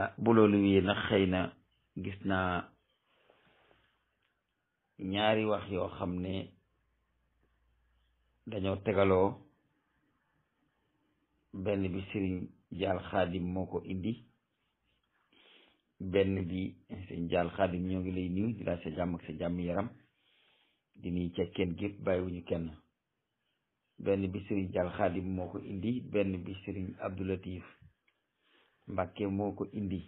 ah bu wii nag xëy na gis naa ñaari wax yoo xam ne dañoo tegaloo benn bi sëriñ jaal xaadim moo ko indi benn bi sëriñ jaal xaadim ñoo ngi lay nuyu di laaj sa jàmm ak sa jàmm yaram di nuyu cekkeen gépp bàyyiwuñu kenn benn bi sëriñ jaal xaadim moo ko indi benn bi sëriñ abdulatif Mbàkke moo ko indi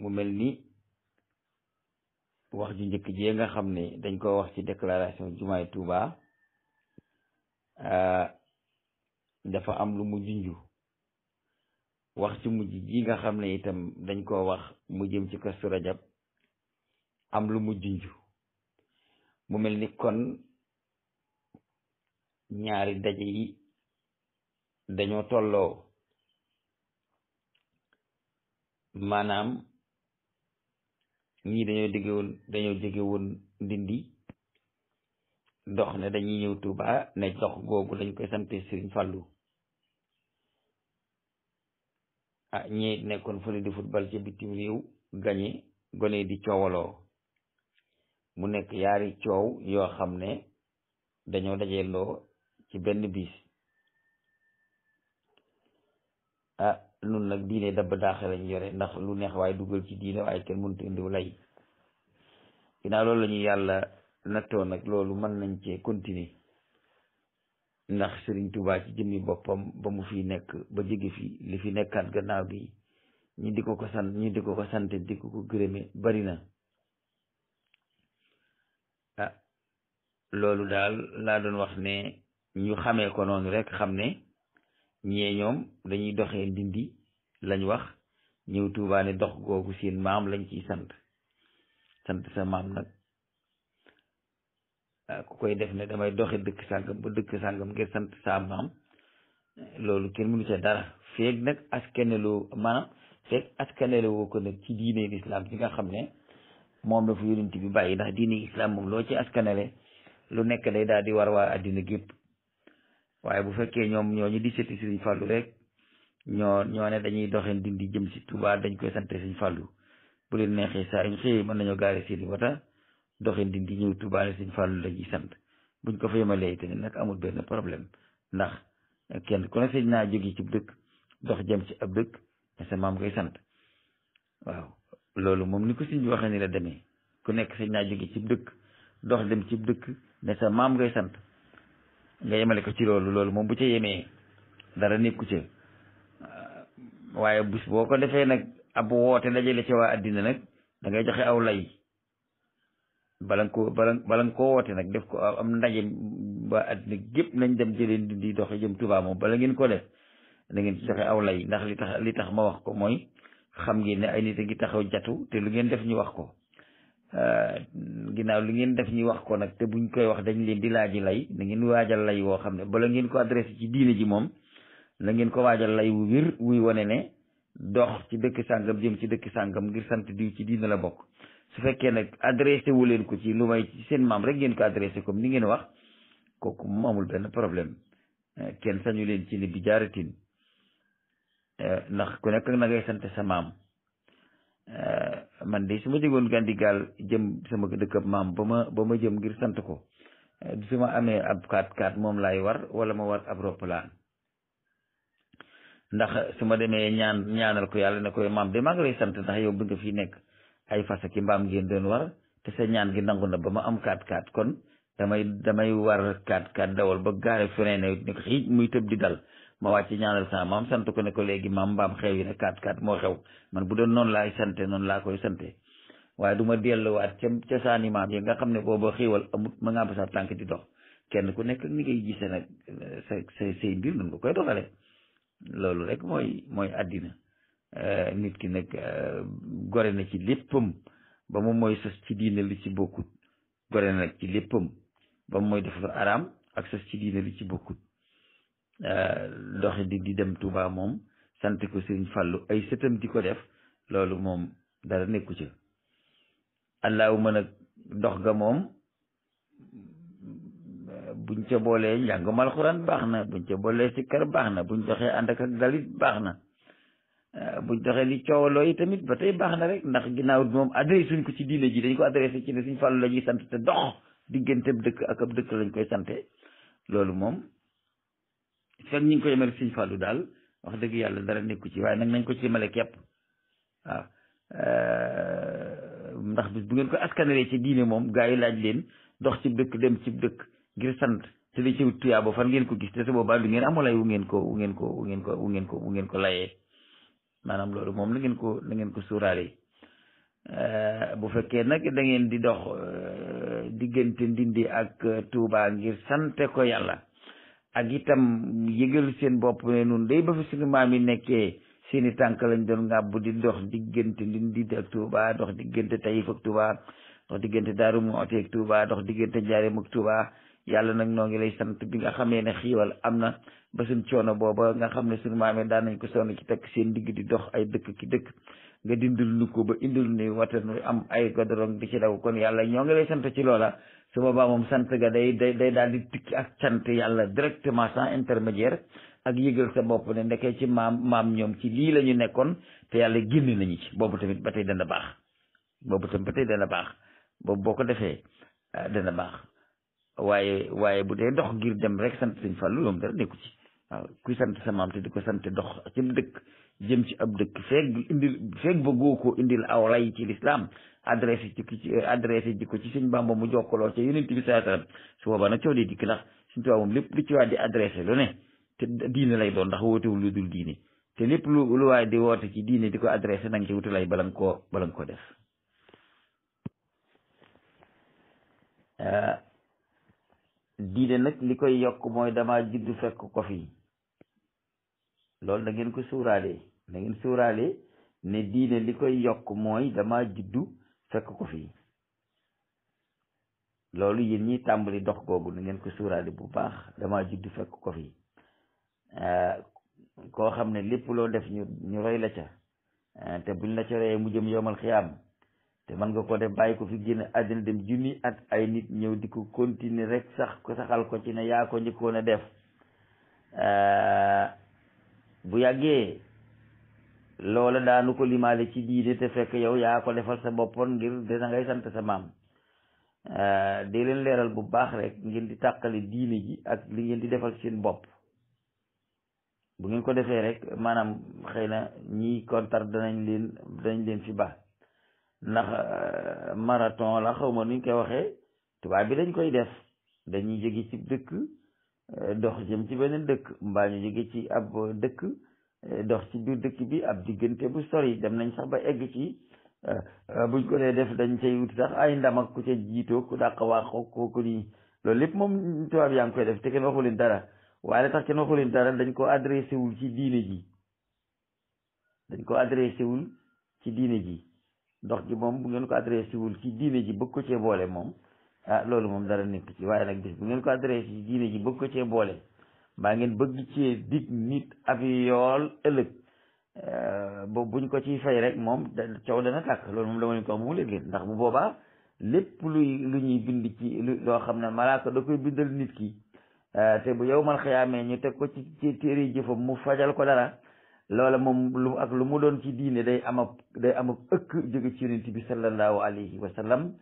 mu mel ni wax ju njëkk jee nga xam ne dañ koo wax ci déclaration jumaay Touba euh, dafa am lu mu junju wax ci mujj ji nga xam ne itam dañ koo wax mu jëm ci Kazu Rajab am lu mu junju mu mel ni kon ñaari daje yi dañoo tolloo maanaam ñii dañoo jóge woon dañoo jóge woon ndindi dox ne dañuy ñëw Tuuba ne dox googu dañ koy sante Sëriñ Fàllu ah ñii nekkoon fële di football ci bitim réew gañe gone di mu nekk yaari coow yoo xam ne dañoo dajeeloo ci benn bis ah nun nag diine dabb daaxe lañu yore ndax lu neex waaye dugal ci diine waaye kenn mënut indiw lay ginnaaw loolu la yàlla nattoo nag loolu mën nañ cee continuer ndax Sëriñ Tuubaa ci jëmmi boppam ba mu fi nekk ba jóge fii li fi nekkaat gannaaw gi ñu di ko ko sant ñu di ko ko sant ko ko gërëme bari na ah loolu daal laa doon wax ne ñu xamee ko noonu rek xam ne ñee ñoom dañuy doxee ndindi lañ wax ñëw Tuubaa dox googu seen maam lañ ciy sant sant sa maam nag ah, ku koy def ne damay doxe dëkk sàngam ba dëkk sàngam ngir sant sa maam loolu kenn mënu ca dara feeg nag askaneloo maanaam feeg askaneloo ko nag ci diine lislaam bi nga xam ne moom la fu yonent bi bàyyi ndax diine islam moom loo ci askanele lu nekk day daal di war waa àddina gépp waaye bu fekkee ñoom ñoo ñu di seeti Sëriñ Fàllu rek ñoo ñoo ne dañuy doxe dindi jëm si Touba dañ koy sant Sëriñ Fàllu bu leen neexee saa ñu xëyee mën nañoo si seeni wata doxeen dindi ñëw Touba ne Sëriñ Fàllu lañuy sant buñ ko fa yemalee tamit nag amul benn problème ndax kenn ku ne sëñ naa jóge ci dëkk dox jëm ci ab dëkk te sa maam sant waaw loolu moom ni ko sëñ waxee ni la ku nekk sëñ naa jóge ci dëkk dox dem ci dëkk ne sa maam ngay sant nga yemale ko ci loolu loolu moom bu ca yemee dara nekku ca waaye bis boo ko defee nag ab woote dajale ci waa addina nag dangay joxe aw lay bala nga koo bala bala nga koo woote nag def ko am ndaje waa addina gépp nañ dem jëleen di doxe jëm Tuubaa moom bala ngeen ko def da ngeen ci joxe aw lay ndax li tax li tax ma wax ko mooy xam ngi ne ay nit a ngi taxaw jatu te lu ngeen def ñu wax ko Euh, ginnaaw li ngeen def ñu wax ko nag te buñ koy wax dañ leen di laaj laaji lay na ngeen waajal lay woo xam ne bala ngeen ko adressé ci diine ji moom na ngeen ko waajal lay wu wir wuy wane ne dox ci dëkk sàngam jëm ci dëkk sàngam ngir sant diw ci diine la bokk su fekkee nag adressé leen ko ci lu may ci seen maam rek ngeen ko adressé comme ni ngeen wax kooku mu amul benn problème euh, kenn sañu leen ci ne bi jaaratin euh, ndax ku nekk na ngay sant sa maam Eh, man de su ma jógoon Gandigal jëm sama dëkkab maam ba ma ba ma jëm ngir sant ko eh, su ma amee ab kaat kaat moom laay war wala ma war ab roppalaan ndax su ma demee ñaan ñaanal ko yàlla ne koy maam de maa ngi lay sant ndax yow bi nga fi nekk ay fas ki mbaam ngeen doon war te sa ñaan gi nangu na ba ma am kaat kaat kon damay damay war kaat kaat dawal ba gaare feneen ne ko xiij muy tëb di dal ma wàcc ñaanal sama maam sant ko ne ko léegi maam mbaam xew yi ne kaat kaat moo xew man bu doon noonu laay sante noonu laa koy sante waaye du ma delluwaat ca ca saani maam yi nga xam ne booba xiiwal amut ma ngaa sa tànk di dox kenn ku nekk ni ngay gisee nag sa sa say mbir noonu nga koy doxale loolu rek mooy mooy àddina eh, nit ki nag eh, gore na ci léppam ba mu mooy sës ci diine li ci bokkut gore na nag ci léppam ba mu mooy def lu araam ak sës ci diine li ci bokkut Euh, doxi di di dem tubaa moom sant ko Serigne Fallou ay sëtam di ko def loolu moom dara nekku ci mën nag dox ga moom buñ ca boolee njàngum alxuraan baax na buñ ca boolee sikkar baax na buñ doxee ànd ak ak dalit baax na euh, buñ doxee li coowaloo yi tamit ba tey baax na rek ndax ginnaaw moom adressé ko ci diine ji dañ ko adressé ci ne Serigne Fallou la ñuy sant te dox diggante dëkk ak ab dëkk lañ koy santee loolu moom fekk ñu ngi ko yemale Sëñ Fallou daal wax dëgg yàlla dara nekku ci waaye nag nañ ko ci yemale képp waaw ndax bis bu ngeen ko askanale ci diine moom gaa yi laaj leen dox ci dëkk dem ci dëkk ngir sant te li ci tuyaa fan ngeen ko gis te su boobaa du ngeen amulay wu ngeen wu ngeen ko wu ngeen ko wu ngeen ko wu ngeen ko layee maanaam loolu moom la ngeen ko la ngeen ko suuraale bu fekkee nag dangeen di dox diggante ndindi ak Touba ngir sante ko yàlla ak itam yëgal seen bopp ne noonu day ba fi suñu maam yi nekkee seeni tànk lañ doon ngàbbu di dox diggante Ndindi ak Touba dox diggante Taïf ak Touba dox diggante Daaru Muxti ak Touba dox diggante Njaareem ak Touba yàlla nag noo ngi lay sant bi nga xamee ne xiiwal am na ba suñ coono booba nga xam ne suñu maam yi daan nañ ko sonn ci takk seen digg di dox ay dëkk ki dëkk nga dindil nu ko ba indil nuy watan am ay godorong bi ci daw kon yàlla ñoo ngi lay sant ci loola su boobaa moom sant ga day day day daal di tukki ak sant yàlla directement sans intermédiaire ak yëgal sa bopp ne ndeke ci maam maam ñoom ci lii la nekkoon te yàlla génn nañu ci boobu tamit ba tey dana baax boobu tamit ba tey dana baax boobu boo ko defee ah, dana baax waaye waaye bu dee ndox ngir dem rek sant Sëñ Fallu moom dara nekku ci waaw kuy sant sa maam te di ko sant dox ci dëkk jëm ci ab dëkk feeg indil feeg bëggoo koo indil aw lay ci lislaam adresse jikko ci euh, adresse jikko ci sëñ Bamba mu jokkaloo ca yonent bi sallallahu alayhi wasallam su boobaa nag coow dee dikk ndax suñ tubaab moom lépp lu ci waat di adressé lu ne te diine lay doon ndax wootewul lu dul diine te lépp lu lu waay di woote ci diine di ko adressé nanga ci wutulay bala nga koo bala nga koo def euh, diine nag li koy yokk mooy dama juddu fekk ko fi na ngeen ko suuraale na suuraale ne diine li koy yokk mooy dama juddu fekk ko fii loolu yéen ñi tàmbali dox googu na ngeen ko suuraale bu baax dama juddu fekk ko fii eh, koo xam ne lépp loo def ñu ñu roy la ca eh, te buñ la ca royee mu jëm yomal xiyaam te mën nga ko def bàyyi ko fi génn àddina dem junni at ay nit ñëw di ko continuer rek sax ko saxal ko ci ne yaa ko njëkkoon a def eh, bu yàggee loola daanu ko limaale ci diine te fekk yow yaa ko defal sa boppoon ngir de da ngay sant sa maam euh, di leen leeral bu baax rek ngeen di tàqale diine ji ak li ngeen di defal seen bopp bu ngeen ko defee rek maanaam xëy na ñiy kontar danañ leen dañ leen fi baax ndax euh, marathon la xaw ma nuñ koy waxee tubaab bi dañ koy def dañuy jóge ci dëkk euh, dox jëm ci beneen dëkk mbaa ñu jóge ci ab dëkk dox ci biir dëkk bi ab diggante bu sori dem nañ sax ba egg ci euh, buñ ko dee def dañ cay wuti sax ay ndam ak ku ca jiitoo ku dàq waaxoo kooku nii loolu lépp moom tubaab yaa ngi koy def te kenn waxu leen dara waaye tax kenn waxu leen dara dañ ko adressé wul ci diine ji dañ ko adressé wul ci diine ji dox gi moom bu ngeen ko adressé wul ci diine ji bëgg ko cee boole moom ah loolu moom dara nekk ci waaye nag bis bu ngeen ko adressé ci diine ji bëgg ko cee boole mbaa ngeen bëgg ci dig nit ab yool ëllëg euh, boobu buñ ko ciy fay rek moom coow dana tàkk loolu moom dama leen ko wax mu léegi ndax bu boobaa lépp luy lu ñuy bind ci loo xam ne malaaka da koy bindal nit ki euh, te bu yow mal xiyaamee ñu teg ko ci ci téere jëfam mu fajal ko dara loola moom lu ak lu mu doon ci diine day am ab day am ak ëkk jóge ci yonent bi sallallahu alayhi wa sallam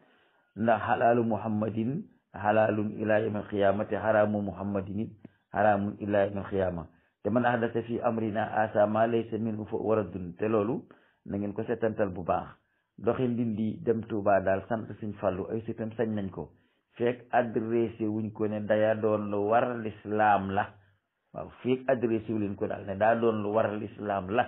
ndax xalaalu muhammadin xalaalun ilaa yawmal xiyaamati xaraamu muhammadin xaraamun illaa yawmal xiyaama te man ahdata fi amrina asa ma laysa minhu a waradun te loolu na ngeen ko setantal bu baax doxi ndindi dem Touba daal sant suñ fàllu ay sitam sañ nañ ko fekk adressé ko ne daya doon lu war la waaw fekk adressé wuñ ko daal ne daa doon lu war lislaam la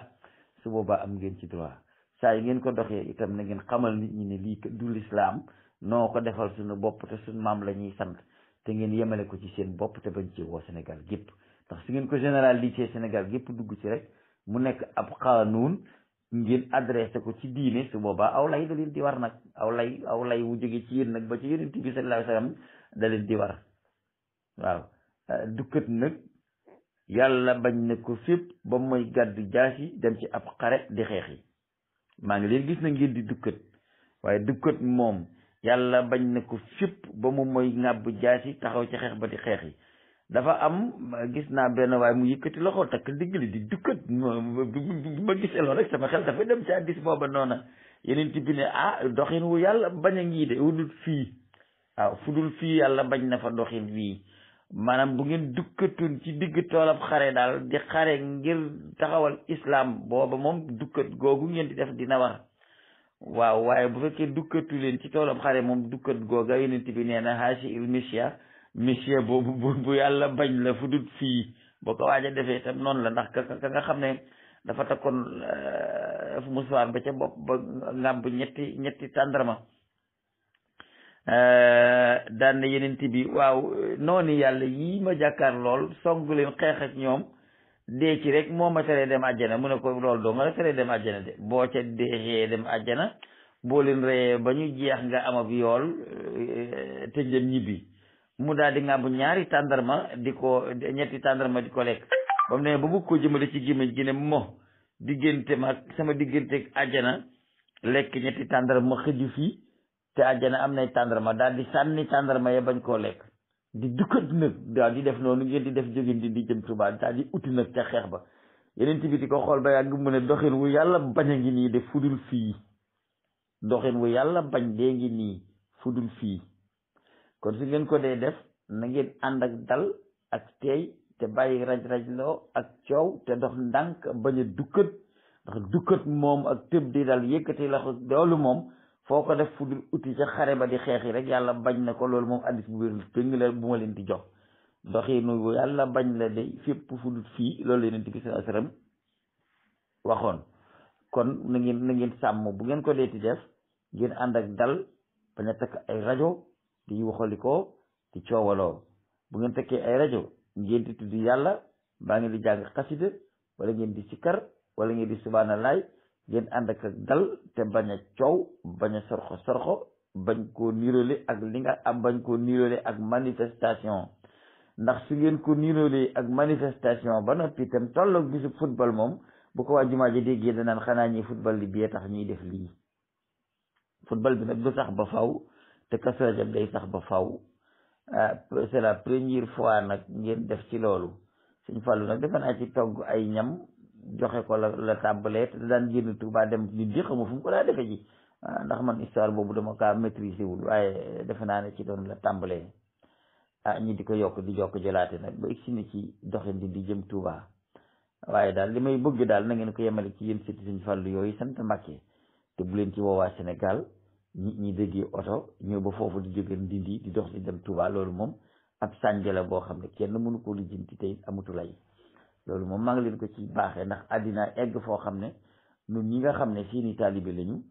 su boobaa am ngeen ci droit saa yi ngeen ko doxee itam na ngeen xamal nit ñi ne lii du lislaam noo ko defal suñu bopp te suñu maam la ñuy sant te ngeen yemale ko ci seen bopp te bañ ci woo Sénégal gépp ndax su ngeen ko général généralisé Sénégal gépp dugg ci rek mu nekk ab xaanuun ngeen adressé ko ci diine su booba aw lay da di war nag aw lay aw lay wu jóge ci yéen nag ba ci yonent bi sallallahu alayhi wasallam di war waaw ah, dukkat nag yàlla bañ ne ko fépp ba mooy gàddu jaas yi dem ci ab xare di xeex yi maa ngi leen gis na ngeen di dukkat waaye dukkat moom yàlla bañ na ko fipp ba mu mooy ŋàbb jaasi taxaw ci xeex ba di xeex yi dafa am gis naa benn waaye mu yëkkati loxo takk ndigg li di dukkat ma gisee loolu rek sama xel dafa dem ci addis booba noona yeneen bi ne ah doxin wu yàlla bañ a ngii de wudul fii waaw fu dul fii yàlla bañ na fa doxin wii maanaam bu ngeen dukkatoon ci digg toolab xare daal di xare ngir taxawal islaam booba moom dukkat googu ngeen di def dina war waaw waaye bu fekkee dukkatu leen ci toolam xare moom dukkat googa ti bi nee na haasi il misia misia boobu bu yàlla bañ la fu dut fii boo ko waaj a defee itam noonu la ndax ka ka nga xam ne dafa takkoon fu euh, musuwaar ba ca bopp ba ngàmb ñetti ñetti tàndarma euh, daan na yonent bi waaw noonu yàlla yii ma jàkkaar lool song leen xeex ñoom dee ci rek moo ma teree dem àjjana mu ne ko loolu doo nga la teree dem ajjana de boo ca deexee dem àjjana boo leen reyee ba ñu jeex nga am ab yool euh, te dem ñibbi mu daal di ngàmb ñaari tàndarma di ko ñetti tàndarma di ko lekk ba mu ne ba bëgg ko jëmale ci gémmiñ gi ne mo diggante ma sama digganteeg àjjana lekk ñetti tàndarma xëju fii te àjjana am nay tàndarma daal di sànni tàndarma ya bañ koo lekk di dukkantu nag daal di def noonu ngeen di def jógin di di jëm Tuubaa daal di uti nag ca xeex ba yeneen bi di ko xool ba yàgg mu ne doxin wu yàlla bañ a ngi nii de fudul fii doxin wu yàlla bañ dee ngi nii fudul fii kon su ngeen ko dee def na ngeen ànd ak dal ak teey te bàyyi raj-rajloo ak coow te dox ndànk bañ a dukkat ndax dukkat moom ak tëb di dal yëkkati la loolu moom foo ko def fu dul uti ca xare ba di xeex rek yàlla bañ na ko loolu moom addis bu wér dëng la bu ma leen di jox doxinu bu yàlla bañ la de fépp fu dul fii loolu yonent bi sallallahu alayhi wasallam waxoon kon na ngeen na ngeen sàmm bu ngeen ko deeti def ngeen ànd ak dal bañ a takk ay rajo di waxalikoo di coowaloo bu ngeen tekkee ay rajo ngeen di tudd yàlla baa ngeen di jàng xasida wala ngeen di sikkar wala ngeen di subhaanallaay ngeen ànd ak dal te bañ a coow bañ a sorxo sorxo bañ koo niroole ak li nga am bañ koo niroole ak manifestation ndax su ngeen ko niroole ak manifestation ba noppi itam tolloog bisu football moom bu ko waa jumaa ji déggee naan xanaa ñi football li bee tax ñuy def lii football bi nag du sax ba faw te Kazu day sax ba faw ah, c'est la première fois nag ngeen def ci loolu Sëñ Fallu nag defe ci togg ay ñam joxe ko la la tàmbalee te daan génn Touba dem nit di xamu mu ko daa defe ji ah, ndax man histoire boobu dama kaa maîtriser wul waaye defe naa ne ci doon la tàmbalee ah ñi di ko yokk di jokk jëlaate nag ba egsi na ci di di jëm Touba waaye daal li may bëgg daal na ngeen ko yemale ci yéen sëti Sëñ fal yooyu sant Mbàkke te bu leen ci woowaa Sénégal ñi ñi déggee oto ñëw ba foofu di jóge Ndindi di dox di dem Touba loolu moom ab sànjala boo xam ne kenn mënu ko lijjanti tey amutu lay loolu moom mag leen ko ci baaxee ndax àddina egg foo xam ne ñun ñi nga xam ne seeni taalibe lañu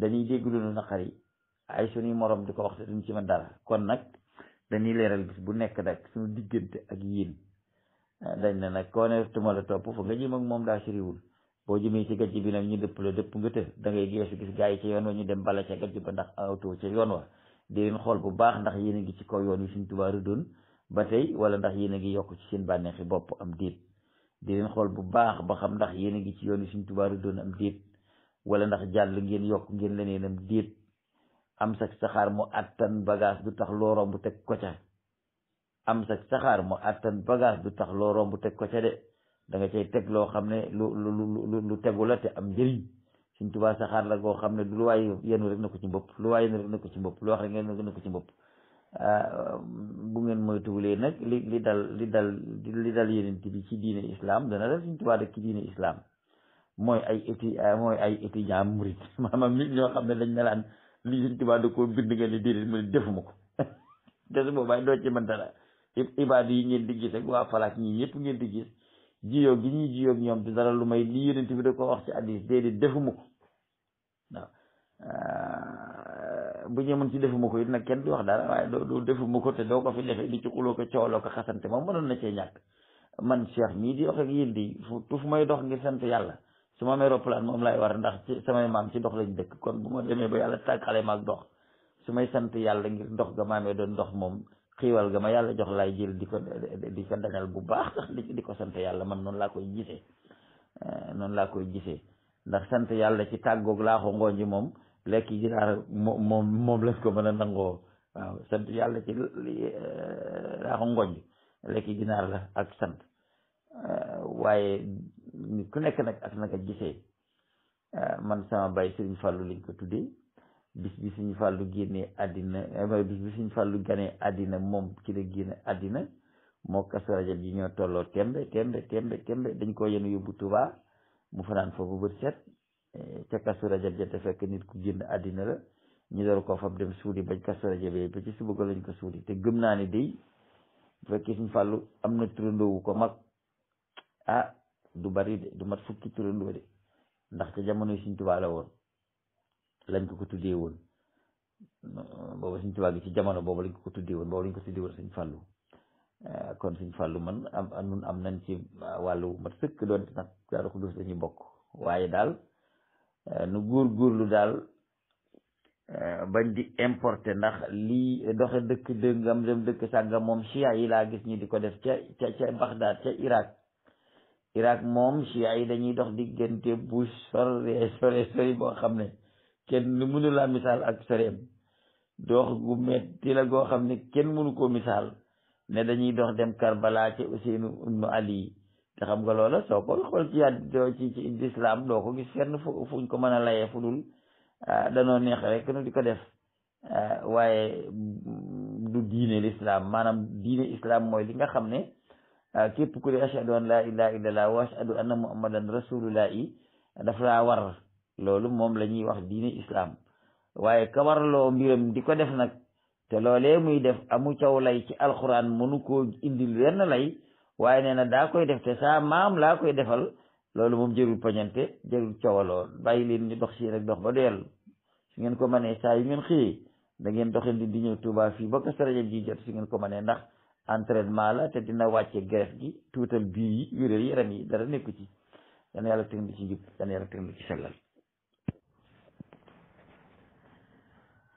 dañuy dégg lu nu yi ay suñuy moroom di ko wax te ci man daal kon nag dañuy leeral bis bu nekk nag suñu diggante ak yéen dañ ne nag koo ne tuma la topp fa nga jëm ak moom daa soriwul boo jëmee ci gàcce bi nag ñu dëpp la dëpp nga të da ngay gaa yi ca yoon wa ñu dem bala ca gàcce ba ndax awto ca yoon wa di xool bu baax ndax yéen ngi ci kaw yoon wi suñ tubaa doon ba tey wala ndax yéen a ngi yokk ci seen yi bopp am déet di leen xool bu baax ba xam ndax yéen a ngi ci yoon wi suñ tubaaru doon am déet wala ndax jàll ngeen yokk ngeen leneen am déet am sax saxaar mu attan bagage du tax loo romb teg ko ca am sax saxaar mu attan bagage du tax loo romb teg ko ca de da nga cay teg loo xam ne lu lu lu tegu la te am njëriñ suñ tubaa saxaar la goo xam ne du lu waay yenu rek na ko ci mbopp lu waay yenu rek na ko ci mbopp lu wax na ko ci mbopp Euh, bu ngeen moytuwulee nag li li dal li dal li dal yenent bi ci diine islam dana dal suñ tubaab rek ci diine islam mooy ay éti euh, mooy ay étudiant murid maanaam nit ñoo xam ne dañ ne laan li suñ tubaab da koo bind ngeen ne déedéet mu ne defuma ko te su boobaay doo ci mën dara ibaadu yi ngeen di gis ak waa falaak ñii ñëpp ngeen di gis jiyoo gi ñuy jiyoog ñoom du dara lu may li yenent bi da ko wax ci hadiis déedéet defuma ko bu ñu mën ci defuma ko it nag kenn du wax dara waaye doo doo defuma ko te doo ko fi defee di ci xuloo ko cooloo ko xasante moom mënoon na cee ñàkk man Cheikh mii di wax ak yéen di fu fu may dox ngir sant yàlla su ma amee roplaan moom laay war ndax ci samay maam ci dox lañ dëkk kon bu ma demee ba yàlla tàggale ma ak dox su may sant yàlla ngir dox ga ma amee doon dox moom xiiwal ga ma yàlla jox laay jël di ko di ko dañal bu baax sax di ko sant yàlla man noonu laa koy gisee eh, noonu laa koy gisee ndax sant yàlla ci tàggoog laa ko ngooñ moom lekk ginaar moom moom lañ ko mën a nangoo waaw sant yàlla ci laaxu eh, ngooñ lekk ginaar la ak sant eh, waaye nit ku nekk nag ak naka gisee eh, man sama baay Sëriñ Fàllu lañ ko tuddee bis bi Sëriñ Fàllu génnee àddina bis bi Sëriñ Fàllu ganee àddina moom ci la génne àddina moo Kazu Rajab ji ñoo tolloo tembe tembe tembe tembe dañ ko yenu yóbbu Tuubaa mu fanaan foofu bët set ca kasu rajab ja te fekk nit ku génn àddina la ñu door koo fab dem suuli bañ kasu rajab ba ci suba ko lañ ko suuli te gëm naa ne day bu fekkee suñ fàllu am na turandoo wu ko mag ah du bari de du mat fukki turandoo de ndax ca jamono siñ suñ woon lañ ko ko tuddee woon booba suñ tubaa gi ci jamono boobu lañ ko ko tuddee woon boobu lañ ko tuddee woon suñ fàllu eh, kon suñ fàllu man am nun am nañ ci wàllu mat sëkk doonte nag daal ko gis dañuy bokk waaye daal Euh, nu góorgóorlu daal euh, bañ di importer ndax lii doxe dëkk dëngam dem dëkk sàngam moom chia yi laa gis ñi di ko def ca ca ca Bagdad ca Irak Irak moom chia yi dañuy dox diggante bu sore sore sori boo xam ne kenn mënu laa misaal ak soreem dox gu metti la goo xam ne kenn mënu koo misaal ne dañuy dox dem Karbala ca Useynu ibnu Ali te xam nga loola soo ko xool ci yaat doo ko gis fenn fu fuñ ko mën a layee fu dul ah, danoo neex rek nu di ko def ah, waaye du diine lislaam maanaam diine islaam mooy li nga xam ne ah, képp ku di ashadu an laa ilaha illallah daf laa war loolu moom lañuy wax diine islaam waaye ka mbiram di ko def nag te loolee muy def amu caw lay ci alxuraan mënu koo indil ren lay waaye nee na daa koy def te saa maam laa koy defal loolu moom jërul poñante jërul coowaloo bàyyi leen ñu dox si rek dox ba doyal su ngeen ko mënee saa yu ngeen xëyee da ngeen doxandi di ñëw Tuubaa fii ba Kazu Rajab ji ngeen ko mënee ndax entraînement la te dina wàcce greffe gi tuutal biir yi wéral yaram yi dara nekku ci dana yàlla teg ci jub dana yàlla teg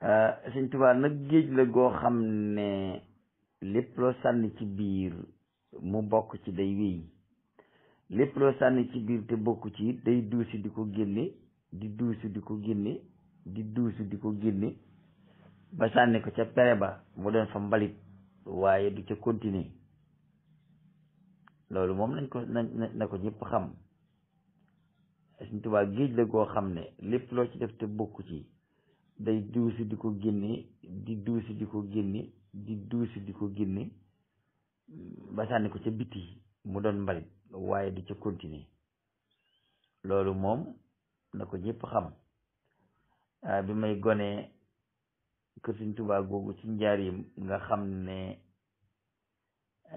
euh, nag géej la goo xam ne lépp loo sànni ci biir mu bokk ci day wéy lépp loo sànni ci biir te bokk ci it day duusi di ko génne di duusi di ko génne di duusi di ko génne ba sànni ko ca pere ba mu doon fa waaye du loolu moom nañ ko na ko ñëpp xam Sëñ Tuubaa la goo xam ne lépp loo ci def te bokk ci day duusi di ko génne di duusi di ko génne di duusi di ko génne ba sànni ko ca biti mu doon mbalit waaye di ca continuer loolu moom na ko ñëpp xam ah, bi may gonee kër Sëñ Tuubaa googu ci njaarim nga xam ne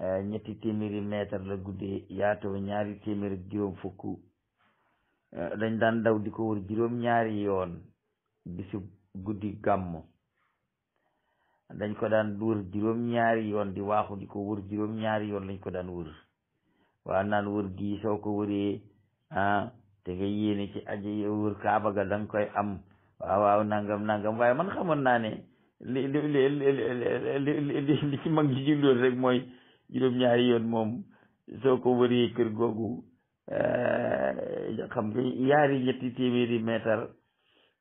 eh, ñetti téeméeri mètre la guddee yaatoo ñaari téeméer juróom fukk eh, dañ daan daw di ko wër juróom ñaari yoon bisu guddi gàmmu dañ ko daan wër juróom-ñaari yoon di waaxu di ko wër juróom-ñaari yoon lañ ko daan wër waa naan wër gii soo ko wëree ah te nga yéene ci aji wër kaaba ga danga koy am waaw waaw nangam nangam waaye man xamoon naa ne li li li li ci mag ji julloon rek mooy juróom-ñaari yoon moom soo ko wëree kër googu eh, xam nga yaari ñetti téeméeri mètre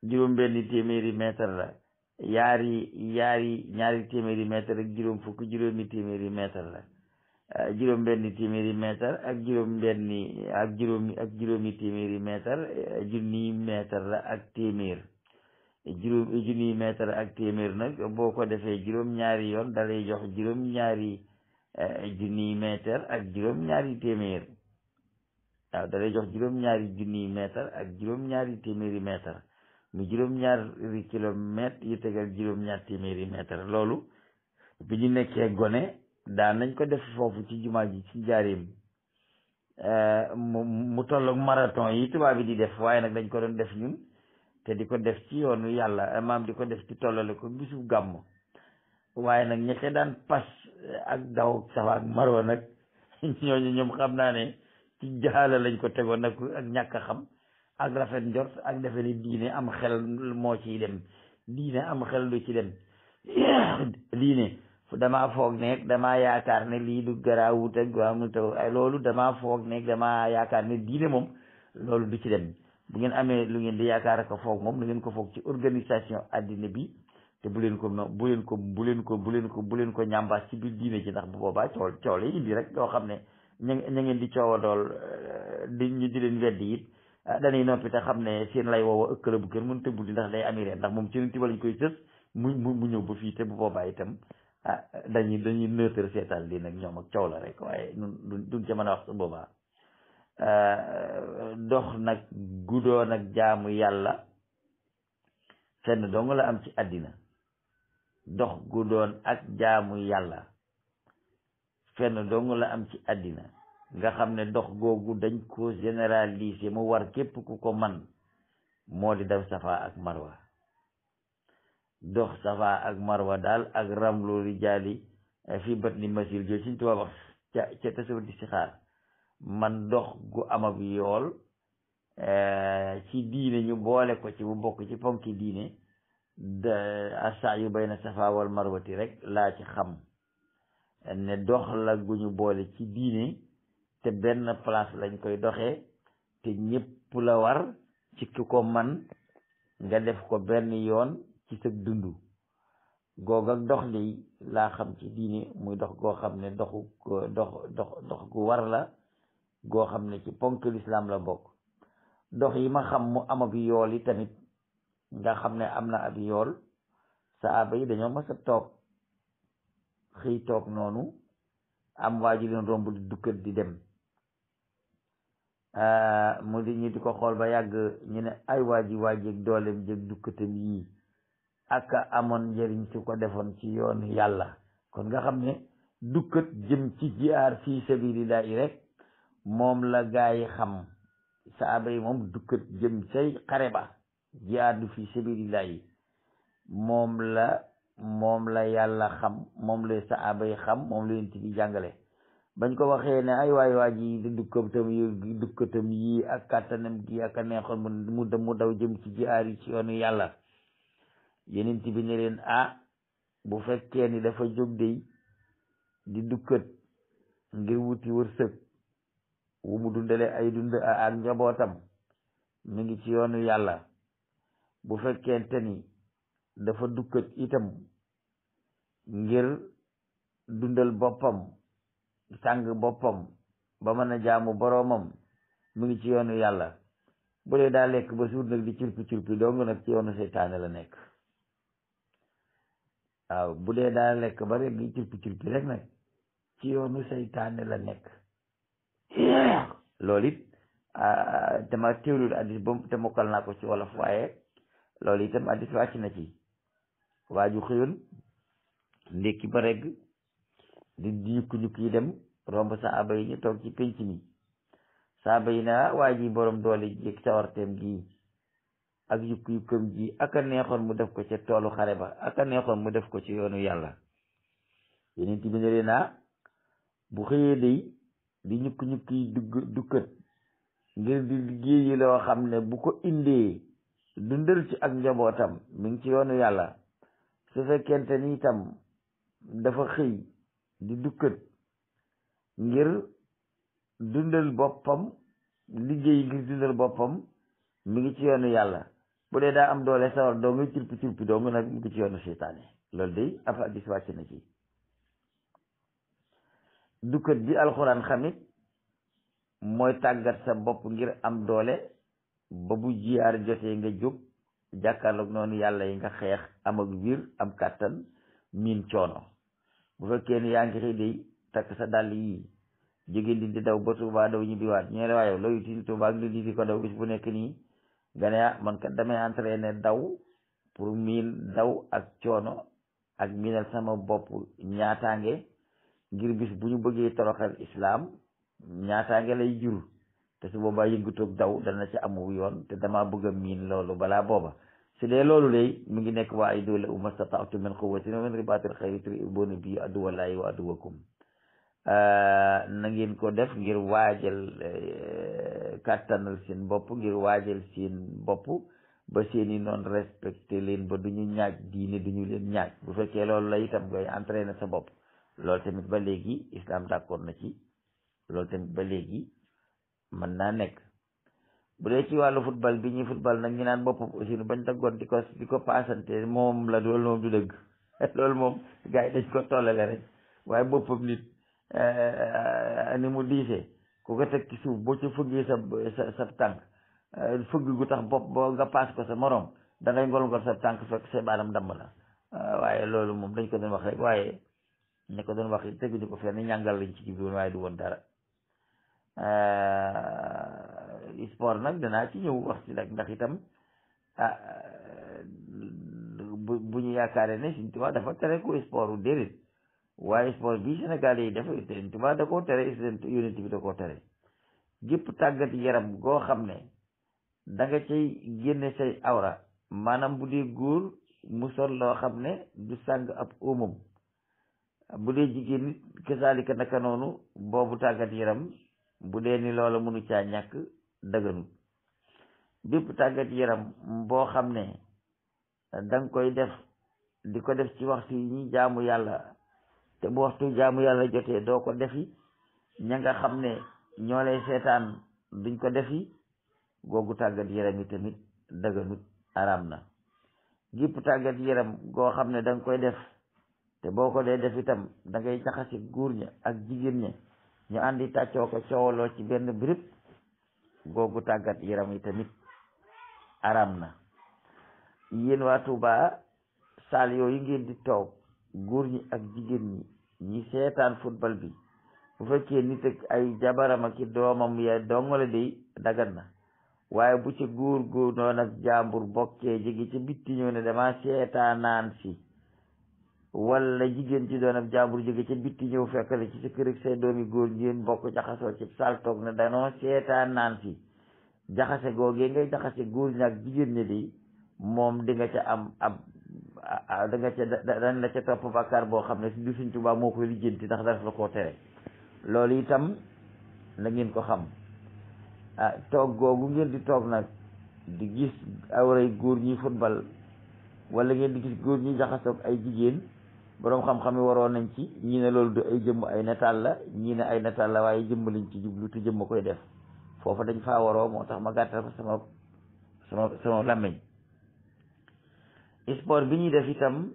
juróom-benni téeméeri mètre la yaari yaari ñaari téeméeri mètre ak juróom fukk juróomi téeméeri mètre la euh, juróom benni téeméeri mètre ak juróom benni ak juróomi ak euh, la ak téeméer juróom junniy mètre ak téeméer nag boo ko defee juróom ñaari yoon dalay jox juróom ñaari euh, junniy mètre ak juróom ñaari téeméer waaw dalay jox juróom ñaari junniy mètre ak juróom ñaari téeméeri mètre mu juróom-ñaari kilomètre yu tegal juróom-ñaar téeméeri loolu bi ñu nekkee gone daan nañ ko def foofu ci jumaa ji ci jaarim euh, mu mu tolloog marathon yi tubaab yi di def waaye nag dañ ko def ñun te di ko def ci yoonu yàlla maam di ko def ci tollale ko bisu gàmm waaye nag ñekke daan pas euh, ak daw safa ak nag ñooñu ñoom xam naa ne ci jaala lañ ko tegoon nag ak ñàkk a xam ak rafet njort ak defe ni diine am xel moo ciy dem diine am xel lu ci dem diine damaa foog nekk damaa yaakaar ne lii du garaawut ak waamul taw ay loolu damaa foog nekk damaa yaakaar ne diine moom loolu du ci dem bu ngeen amee lu ngeen di yaakaar ko foog moom lu ngeen ko foog ci organisation addina bi te bu leen ko bu leen ko bu leen ko bu leen ko bu leen ko ñambaas ci biir diine ci ndax bu boobaa cool cool yi indi rek yoo xam ne ña ngeen di a dool eh, di ñu di leen weddi it dañuy noppi te xam ne seen lay woowa ëkkale bu kenn mën te buddi ndax day ami reen ndax moom ci nit ba koy sës mu mu mu ñëw ba fii te bu boobaa itam ah dañuy dañuy neutre seetaan lii nag ñoom ak coow la rek waaye nun duñ ca mën a wax su boobaa ah, dox nag guddoon ak jaamu yàlla fenn dong la am ci àddina dox guddoon ak jaamu yàlla fenn dong la am ci àddina nga xam ne dox googu dañ ko généraliser mu war képp ku ko man moo di def safa ak marwa dox safa ak marwa daal ak ramlu rijaali eh, fi batni masil jooju suñ tubaab wax ca ca tasawur di si xaar man dox gu amab yool eh, ci diine ñu boole ko ci bu bokk ci ponki diine da asa yu bay na safa wal marwati rek laa ci xam ne dox la gu ñu boole ci diine te benn place lañ koy doxee te ñëpp la war ci ki ko man nga def ko benn yoon ci sa dund goog ak dox li laa xam ci diine muy dox goo xam ne doxu dox dox dox gu war la goo xam ne ci ponk lislaam la bokk dox yi ma xam mu am ab yool yi tamit nga xam ne am na ab yool saaba yi dañoo mës a toog xëy toog noonu am waa ji leen romb di dukkat di dem Euh, mu di ñi di ko xool ba yàgg ñu ne ay waaji waaji ak dooleem jëg dukkatam yii ak amoon njëriñ su ko defoon ci yoon yàlla kon nga xam ne dukkat jëm ci jihaar fii sabilillahi rek moom la gaa yi xam saaba yi moom dukkat jëm say xare ba jihaar du fii sabilillahi moom la moom la yàlla xam moom la saaba yi xam moom la yent bi jàngale bañ ko waxee ne ay waay waa ji dukkatam yi dukkatam yi ak kàttanam gi ak a neexoon mu mu daw jëm ci jihaar yi ci yoonu yàlla yenent bi ne leen ah bu fekkee ni dafa jóg dey di dukkat ngir wuti wërsëg wu mu dundale ay dund ak njabootam mu ngi ci yoonu yàlla bu fekkente ni dafa dukkat itam ngir dundal boppam sàng boppam ba mën a jaamu boroomam mu ngi ci yoonu yàlla bu dee daa lekk ba suur nag di culpi culpi dong nag ci yoonu seytaane la nekk waaw bu dee daa lekk ba rek di culpi culpi la nekk loolu it dama addis ba te mokkal naa ko ci wolof waaye loolu itam addis wàcc na ci waaju xëyoon ndékki ba regg di diikku-dikk yi dem romb saaba yi ñu toog ci pénc mi saaba yi na ah, waa ji borom doole jéeg sawarteem gi ak yukk-yukkam ji ak a neexoon mu def ko ca toolu ba ak mu def ko ci yoonu yàlla yeneen ti naa bu xëyee day di ñukk-ñukk yi ngir di liggéey yi loo xam ne bu ko indee dundal ci ak njabootam mu ngi ci yoonu yàlla su fekkente ni itam dafa xëy di dukkat ngir dundal boppam liggéey ngir dundal boppam mu ngi ci yoonu yàlla bu dee daa am doole sawar doo nga curpi curpi doo nga nag mu ngi ci yoonu seytaane loolu day ab hadis wàcc na ci dukkat bi alxuraan xamit mooy tàggat sa bopp ngir am doole ba bu jiyaar jotee nga jóg jàkkaarloog noonu yàlla yi nga xeex am ak wir am kàttan miin coono bu fekkee ni yaa ngi xëy day takk sa dàll yii jóge ndi di daw ba Tuuba daw ñibbiwaat ñu ne la waaye looy uti Tuuba ak ndi di ko daw bis bu nekk nii nga ne ah man kat damay entraîné daw pour miin daw ak coono ak miinal sama bopp ñaataange ngir bis bu ñu bëggee toroxal islaam ñaataange lay jur te su boobaa yëngu toog daw dana ci amu yoon te dama bëgg a miin loolu balaa booba su dee loolu léy mu ngi nekk waa ay doole umastata'tu min quwwatin wa min ribatil xayri turhibuuna bihi aduwwallaahi wa aduwwakum euh, na ngeen ko def ngir waajal euh, kàttanal seen bopp ngir waajal seen bopp ba seen i noon leen ba du ñu ñaaj diine du ñu leen ñaaj bu fekkee loolu lay itam ngay entraîné sa bopp loolu tamit ba léegi islam d'accord na ci loolu tamit ba léegi mën naa nekk bu dee ci wàllu football bi ñuy football nag ñu naan boppam aussi bañ taggoon di ko di ko paasante moom la loolu moom dëgg loolu moom gars yi dañ ko tollale rek waaye boppam euh, ni mu diisee ku ko ci suuf boo ci sa sa sa tànk euh, fëgg gu tax bopp boo nga paas sa morom da ngay ngol-ngol sa tànk fekk la euh, waaye loolu moom dañ ko doon wax rek waaye ne ko doon wax teguñu ko fenn ñàngal lañ ci jubluwoon waaye du woon dara. sport nag danaa ci ñëw wax ci ndax itam ah, euh, bu bu ñu yaakaaree ne Sëñ Tuubaa dafa tere ko sport déedéet waaye sport bi Sénégal yi dafa Sëñ Tuubaa da koo tere gépp tàggat yaram goo xam ne da nga génne say awra maanaam bu dee góor mu sol loo xam ne du sàng ab óomam bu dee jigéen nit kasaalika naka noonu boobu tàggat yaram bu dee ni loola mënu caa ñàkk dëgënul bépp tàggat yaram boo xam ne danga koy def di ko def ci waxtu yi ñuy jaamu yàlla te bu waxtu jaamu yàlla jotee doo ko defi ña nga xam ne ñoo lay seetaan duñ ko defi googu tàggat yaram yi tamit dëgënut araam na gépp tàggat yaram goo xam ne danga koy def te boo ko dee def itam da ngay jaxase góor ña ak jigéen ña ñu àndi tàccoo ko coowaloo ci benn birib googu tàggat yaram yi tamit araam na yéen waa Touba saal yooyu ngeen di toog góor ñi ak jigéen ñi ñi seetaan football bi bu fekkee nit ak ay jabaram ak doomam ya dongale day dagan na waaye bu ci góor góor noon ak jàmbur bokkee jege ci bitti ñëw ne dama seetaanaan si wala jigéen ci doonam jaambur jóge ca bitti ñëw fekk la ci sa kër ak say doomi góor ngeen bokk jaxasoo ci sal toog na danoo seetaan naan fi jaxase googee ngay jaxase góor ñi jigéen ñi di moom di nga ca am ab da nga ca dañ la ca boo xam ne du Sëriñ Tuubaa moo koy lijjanti ndax dara la koo loolu itam na ngeen ko xam ah googu ngeen di toog nag di gis awray góor ñi football wala ngeen di gis góor ñi jaxasoog ay jigéen boroom xam-xam waroon nañ ci ñi ne loolu du ay jëmm ay nataal la ñi ne ay nataal la waaye jëmm lañ ci jublu te jëmm koy def foofa dañ fa waroo moo tax ma gàttal fa sama sama sama làmmiñ sport bi ñuy def itam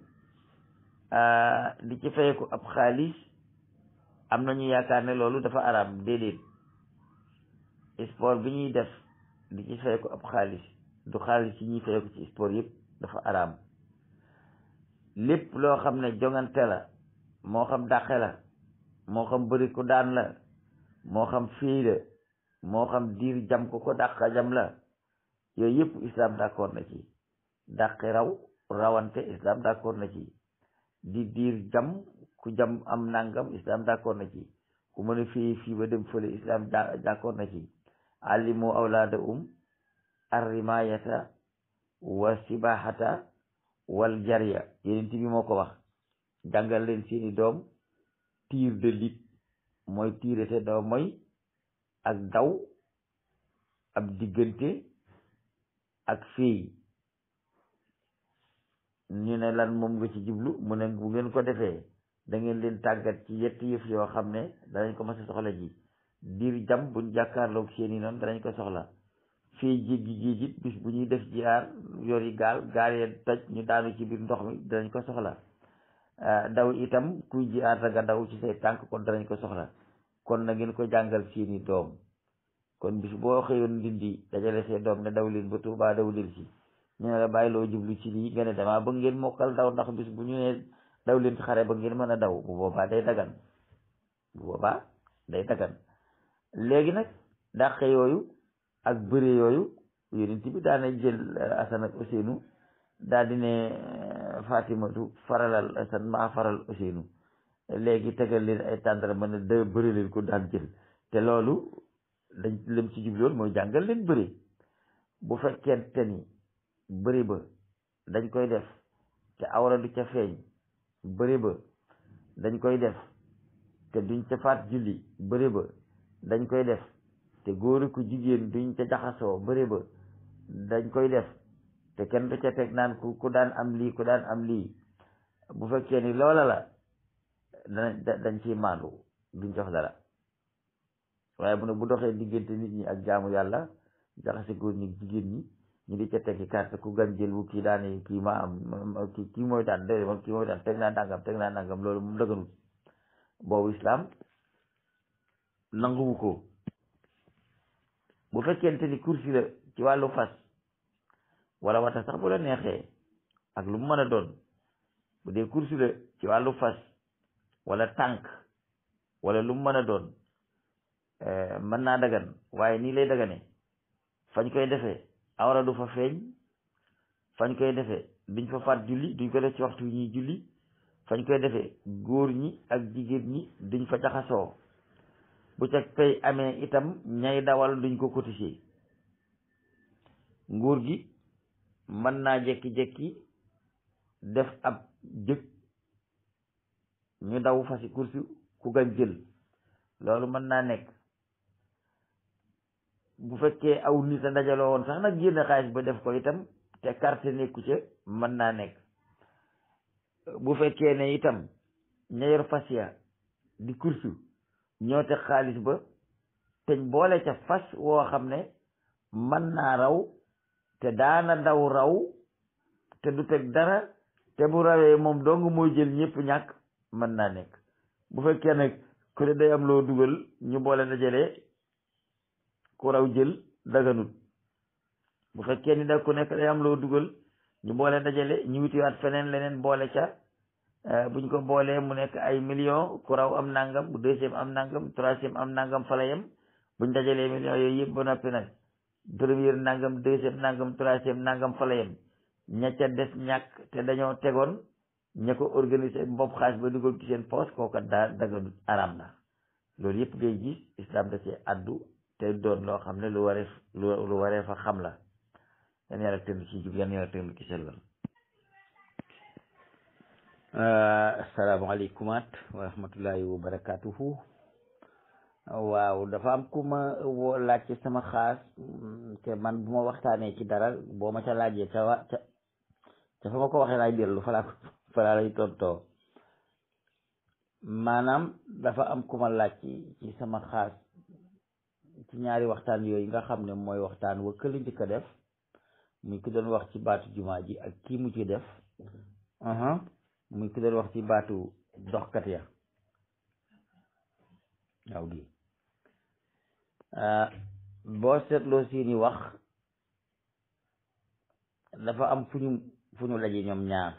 di ci fayeku ab xaalis am nañu yaakaar ne loolu dafa araam déedéet sport bi ñuy def di ci ko ab xaalis du xaalis yi ñuy fayeku ci sport yëpp dafa araam lépp loo xam ne jongante la moo xam dàqe la moo xam bëri ku daan la moo xam fii la moo xam diir jam ko ko dàqa jam la yooyu yëpp islam d'accord na ci dàqe na ci di diir jam ku jam am nangam islam d'accord na ci ku mën a fii fii ba dem fële islam d'accord na ci allimu awlaada um arrimayata wa sibahata wal jariya yeneen bi moo ko wax jàngal leen seeni doom tir de mooy tiire te doo mooy ak daw ab diggante ak fii ñu ne lan moom nga ci jiblu mu ne bu ngeen ko defee da ngeen leen tàggat ci yetti yëf yoo xam ne danañ ko mas a soxla ji diir jam buñ jàkkaarloog seeni noonu danañ ko soxla fii jéggi géejit bis bu ñuy def jiyaar yori gaal gaal ya toj ñu daanu ci biir ndox mi dañ ko soxla ah, daw itam kuy jiyaar da nga daw ci say tànk kon danañ ko soxla kon na ngeen ko jàngal seeni doom kon bis boo xëyoon ndindi dajale see doom ne daw leen ba Tuubaa daw leen si ñu ne la bàyyi loo jublu ci lii nga ne dama ba ngeen mokkal daw ndax bis bu ñu ne daw leen ci xare ba ngeen mën a daw bu boobaa day dagan bu boobaa day dagan léegi nag dàq yooyu ak bëre yooyu yonent bi daana jël euh, Asan ak Useynu daal di ne euh, faatimatu faralal Asan maa faral Useynu léegi tegal leen ay tàndara mën a da bëri leen ko daan jël te loolu dañ lim ci jubloon mooy jàngal leen bëri bu fekkente ni bëri ba dañ koy def te awra du ca feeñ bëri ba dañ koy def te duñ ca faat julli bëri ba dañ koy def te góor ku jigéen duñ ca jaxasoo bëri ba dañ koy def te kenn du ca teg naan ku ku daan am lii ku daan am lii bu fekkee ni loola la da dañ ci maandu duñ jox dara waaye mu ne bu doxee diggante nit ñi ak jaamu yàlla jaxase góor ñi jigéen ñi ñu di ca tekki carte ku gan jël wu kii daane kii ma am kii mooy daan déedéet moom kii mooy daan teg naa nangam teg naa nangam loolu mu dëgganut boobu islaam nanguwu ko bu fekkente ni kursi la ci wàllu fas wala wata sax bu la neexee ak lum mu mën a doon bu dee kursi la ci wàllu fas walla tànk wala lum mu mën a doon eh, mën naa dagan waaye nii lay dagane fañ koy defee awra du fa feeñ fañ koy defee duñ fa faat julli duñ ko def ci waxtu ñuy julli fañ koy defee góor ñi ak jigéen ñi duñ fa jaxasoo bu ca pay amee itam ñay dawal duñ ko cotiser nguur gi mën naa jekki-jekki def ab jëg ñu daw fasi kursi ku gañ jël loolu mën naa nekk bu fekkee aw nit a dajaloo woon sax nag génn xaalis ba def ko itam te carte nekku ca mën naa nekk bu fekkee ne itam ña yor ya di kursu ñoo te xaalis ba teñ boole ca fas woo xam ne mën naa raw te daana daw raw te du teg dara te bu rawee moom dong moo jël ñépp ñàkk mën naa nekk bu fekkee nag ku ne loo dugal ñu boole dajalee ku raw jël daganut bu fekkee ni nag ku nekk day am loo dugal ñu boole dajale ñu wutiwaat feneen leneen boole ca bu eh, buñ ko boolee mu nekk ay millions ku raw am nangam bu am nangam troisième am nangam fa la yem buñ dajalee millions yooyu yëpp ba noppi nag premier nangam deuxième nangam troisième nangam fa la yem ña ca des ñàkk te dañoo tegoon ña ko organiser bopp xaalis ba dugal ci seen poche kooka daa daganut araam na loolu yëpp ngay gis islam da cee addu te doon loo xam ne lu waree lu waree fa xam la yan yàlla tënk ci jub yan yàlla tënk ci sellal Euh, asalaamaaleykumaat wa rahmatullahi wa waaw dafa am ku ma woo laaj ci sama xaas te man bu ma waxtaanee ci dara boo ma ca laajee ca wa ca ca fa ma ko waxee laay dellu falaa falaa lay tontoo maanaam dafa am ku ma laaj ci ci sama xaas ci ñaari waxtaan yooyu nga xam ne mooy waxtaan wa këli njëkk a def muy ki doon wax ci baatu jumaa ji ak kii mu ci def muy ku wax ci baatu doxkat ya waaw gi ah, boo seetloo seeni wax dafa am fu ñu fu ñu laje ñoom ñaar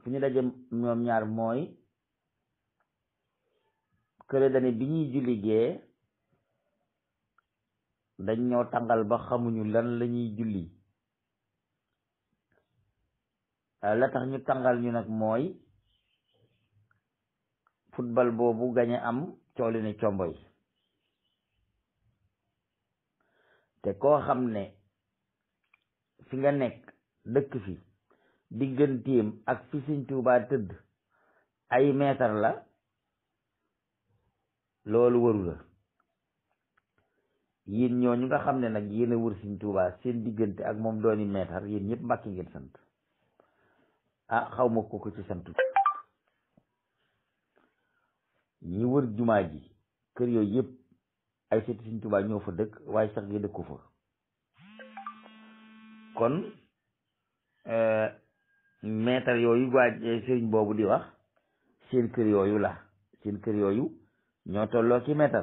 fu ñu laje ñoom ñaar mooy kële dane bi ñuy julli gee dañ ñoo tàngal ba xamuñu lan lañuy julli Euh, la tax ñu tàngal ñu nag mooy futbal boobu gañe am cooli ne combo te koo xam ne fi nga nekk dëkk fi digganteem ak fi Sëñ Tuubaa tëdd ay meetar la loolu waru la yéen ñooñu nga xam ne nag yéen a wër Sëñ Tuubaa seen diggante ak moom dooni meetar yéen ñëpp Mbàkke ngeen sant ah xaw ma ko ko ci sant ñi wër jumaa ji kër yooyu yëpp ay seeti Sëriñ Tuubaa ñoo fa dëkk waaye sax yi dëkku fa kon eh, maître yooyu waaj eh, sëriñ boobu di wax seen kër yooyu la seen kër yooyu ñoo tolloo ki maître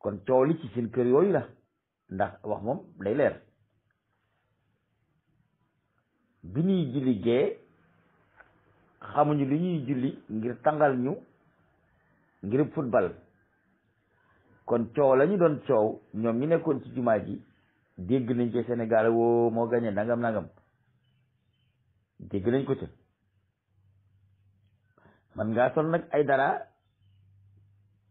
kon coow li ci seen kër yooyu la ndax wax moom day leer bi ñuy julli gee xamuñu li ñuy julli ngir tàngal ñu ngir football kon coow lañu doon coow ñoom ñi nekkoon ci jumaa ji dégg nañ ci Sénégal woo moo gañe nangam nangam dégg nañ ko ci man ngaa sol nag ay dara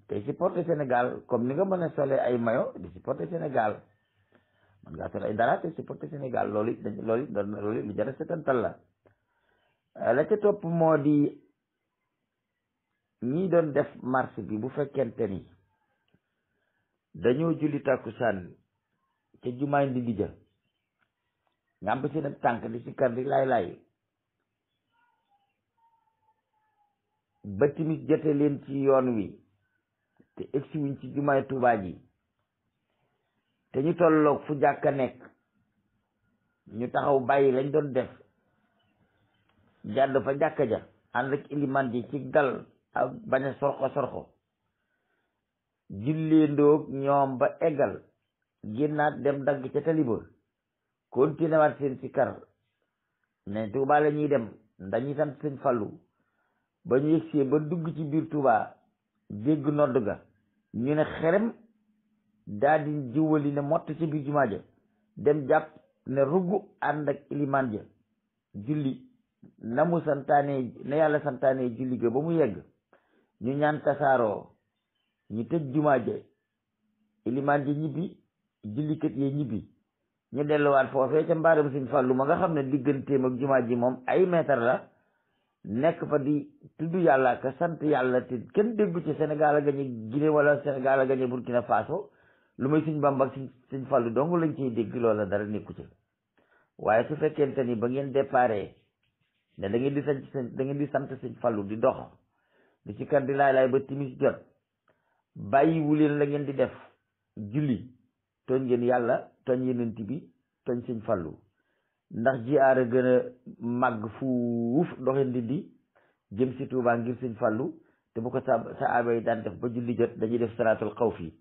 te supporter Sénégal comme ni nga mën a solee ay mayo di supporter Sénégal man ngaa sol ay dara te supporter Sénégal loolu it loolu it lu jar setantal la Euh, la ca topp moo di ñi doon def marche bi bu fekkente ni dañoo julli tàkkusaan ca jumaay ndindi ja ñàmp seen ak tànk di ci kar di laay-laay ba timis leen ci yoon wi te egsi wuñ ci jumaay Tuubaa yi te ñu tolloog fu jàkka nekk ñu taxaw bàyyi lañ doon def jàdd fa jàkka ja ànd ak iliman ji ci gal ak bañ a sorxo sorxo jullendoog ñoom ba eggal génnaat dem dagg ca taliba continué waat seen sikar ne Tuuba la dem dañuy sant sëñ Fallu ba ñu yegsee ba dugg ci biir Tuuba dégg nodd ga ñu ne xerem daa di jiwali ne mott ci biir jumaa ja dem jàpp ne rugg ànd ak iliman ja julli na mu santaane na yàlla santaane julli ga ba mu yegg ñu ñaan tasaaroo ñu tëj jumaa je ilimaan ji ñibbi jullikat yee ñibbi ñu delluwaat foofee ca mbaaram Sëñ Fallu ma nga xam ne digganteem ak jumaa ji moom ay mètre la nekk fa di tudd yàlla ka sant yàlla te kenn déggu ci Sénégal gañe Guinée wala Sénégal gañe Burkina Faso lu may Sëñ Bamba ak Sëñ Fallu dong lañ ciy dégg loola dara nekku ci waaye su fekkente ni ba ngeen déparé ne da ngeen di sant da ngeen di sant sëñ Fallu di dox di ci kar di laay laay ba timis jot bàyyiwu leen la ngeen di def julli tooñ ngeen yàlla tooñ yenent bi tooñ sëñ Fallu ndax ji aar a gën a màgg fuuf doxeen di di jëm si Tuubaa sëñ Fallu te bu ko sa saaba yi daan def ba julli jot dañuy def salaatul xawf yi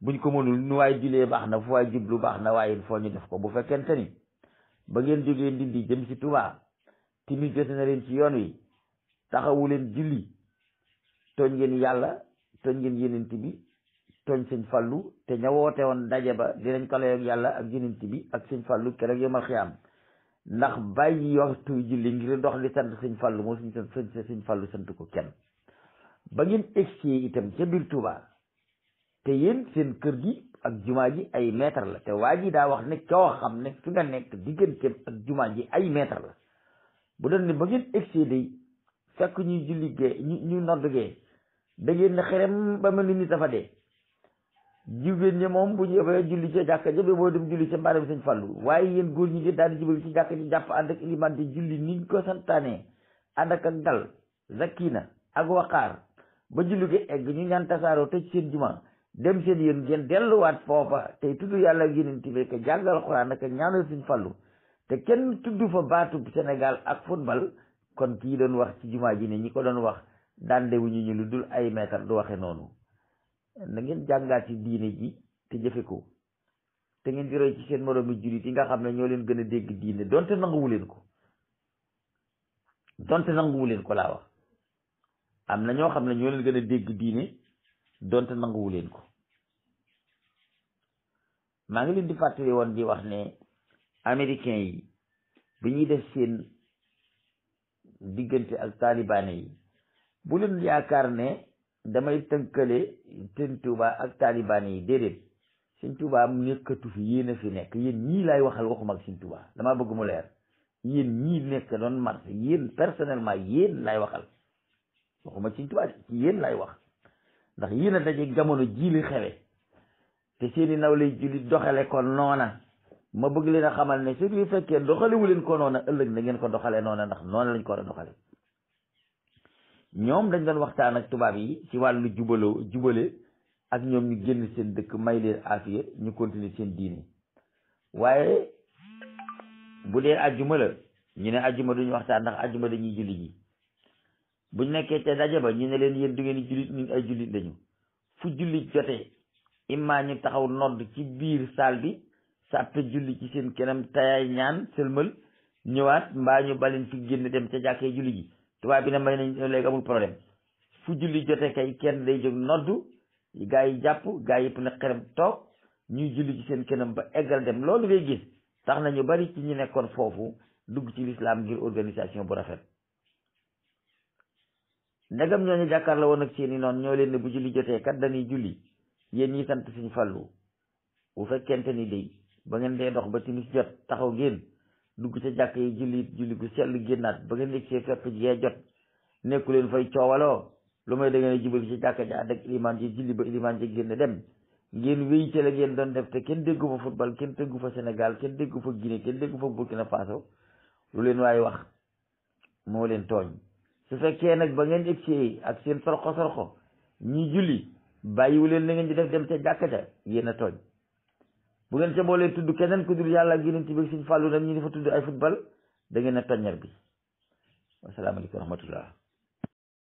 buñ ko mënul waaye julee baax na fu waaye jublu baax na waaye foo ñu def ko bu fekkente ni ba ngeen jógee ndindi jëm si Tuubaa timis jote na leen ci yoon wi taxawu leen julli tooñ geen yàlla tooñ ngeen yenent bi tooñ sëñ fàllu te ña woote woon daje ba dinañ ko layoog yàlla ak yenent bi ak sëñ fàllu keroog yomal xiyaam bàyyi waxtu julli ngir dox di sant sëñ fàllu moo suñ sant sëñ fàllu sant ko kenn ba ngeen egsi itam ca biir Touba te yéen seen kër gi ak jumaa ji ay mètre la te waa ji daa wax ne koo xam ne fi nga nekk digganteem ak jumaa ji ay meetar la bu doon ne ba ngeen egsi day fekk ñuy julli gee ñu ñu nodd gee da ngeen xerem ba mel ni nit dafa dee jigéen ñi moom bu ñu yóbbee julli ca jàkka ja boo dem julli ca mbaaram sëñ fàllu waaye yéen góor ñi ngeen daal di ci jàkka jàpp ànd ak iliman di julli niñ ko santaanee ànd ak ak dal zakina ak waqaar ba julli gi egg ñu ñaan tasaaroo tëj seen juma dem seen yéen ngeen delluwaat foofa tey tudd yàlla ak yeneen tibe ka jàngal xuraan ak ñaanal sëñ fàllu te kenn tudd fa baatu Sénégal ak football kon kii doon wax ci jumaa ji ne ñi ko doon wax dandewuñu ñu lu dul ay meetar du waxe noonu na ngeen jàngaat ci diine ji te jëfe ko te ngeen di roy ci seen moroomi jullit yi nga xam ne ñoo leen gën a dégg diine donte nanguwu leen ko donte nanguwu leen ko laa wax am na ñoo xam ne ñoo leen gën a dégg leen ko maa ngi leen di fàttali woon di wax ne americain yi bi ñuy def seen diggante ak taliban yi bu leen yaakaar ne damay tënkale seen tuuba ak taliban yi déedéet seen tuuba mu nekkatu fi yéen a fi nekk yéen ñii laay waxal waxuma ak seen tuuba damaa bëgg mu leer yéen ñii nekk doon marché yéen personnellement yéen laay waxal waxuma seen tuuba yéen laay wax ndax yéen daje jamono jii li xewe te seeni naw lay jullit doxale ko noona ma bëgg leen a xamal ne su li fekkee doxalewu leen ko noona ëllëg na ngeen ko doxalee noona ndax noona lañ ko doxale ñoom dañ doon waxtaan ak tubaab yi ci wàllu jubaloo jubale ak ñoom ñu génn seen dëkk may leen afiya ñu continuer seen diine waaye bu dee ajjuma la ñu ne ajjuma duñu waxtaan ndax ajjuma dañuy julli yi buñ nekkee te daje ba ñu ne leen yéen du ngeen jullit ñun ay jullit lañu fu julli jotee immaa ñu taxaw nodd ci biir saal bi sàppe julli ci seen kanam tayaay ñaan sëlmal ñëwaat mbaa ñu balin fi génn dem ca jàkkee julli ji tubaab bi ne may nañ léegi amul problème fu julli jote kay kenn day jóg noddu gaa yi jàpp gaa yëpp na xerem toog ñuy julli ci seen kanam ba eggal dem loolu ngay gis tax na ñu bari ci ñu nekkoon foofu dugg ci lislaam ngir organisation bu rafet ndegam ñooñu jàkkaar la woon ak seeni noonu ñoo leen bu julli jotee kat dañuy julli yéen ñi sant suñu fàllu bu fekkente ni day ba ngeen dee dox ba timis jot taxaw ngeen dugg ca jàkk yi julli julli gu sell génnaat ba ngeen dee ci fekk jee jot nekku leen fay coowaloo lu may degee ngeen jubal ci jàkk ja ànd ak ilimaan ji julli ba ilimaan ji génn dem ngeen wéy ci ngeen doon def te kenn déggu fa football kenn déggu fa Sénégal kenn déggu fa Guinée kenn déggu fa Burkina Faso lu leen waaye wax moo leen tooñ su fekkee nag ba ngeen ak seen sorxo sorxo ñi julli bàyyiwu leen la ngeen def dem ca jàkk ja yéen a tooñ bu ngeen ca boolee tudd keneen ku dul yàlla ak yeneen bi suñ fàllu nag ñu di fa tudd ay football da ngeen a toññar bi wasalaamaaleykum wa rahmatullah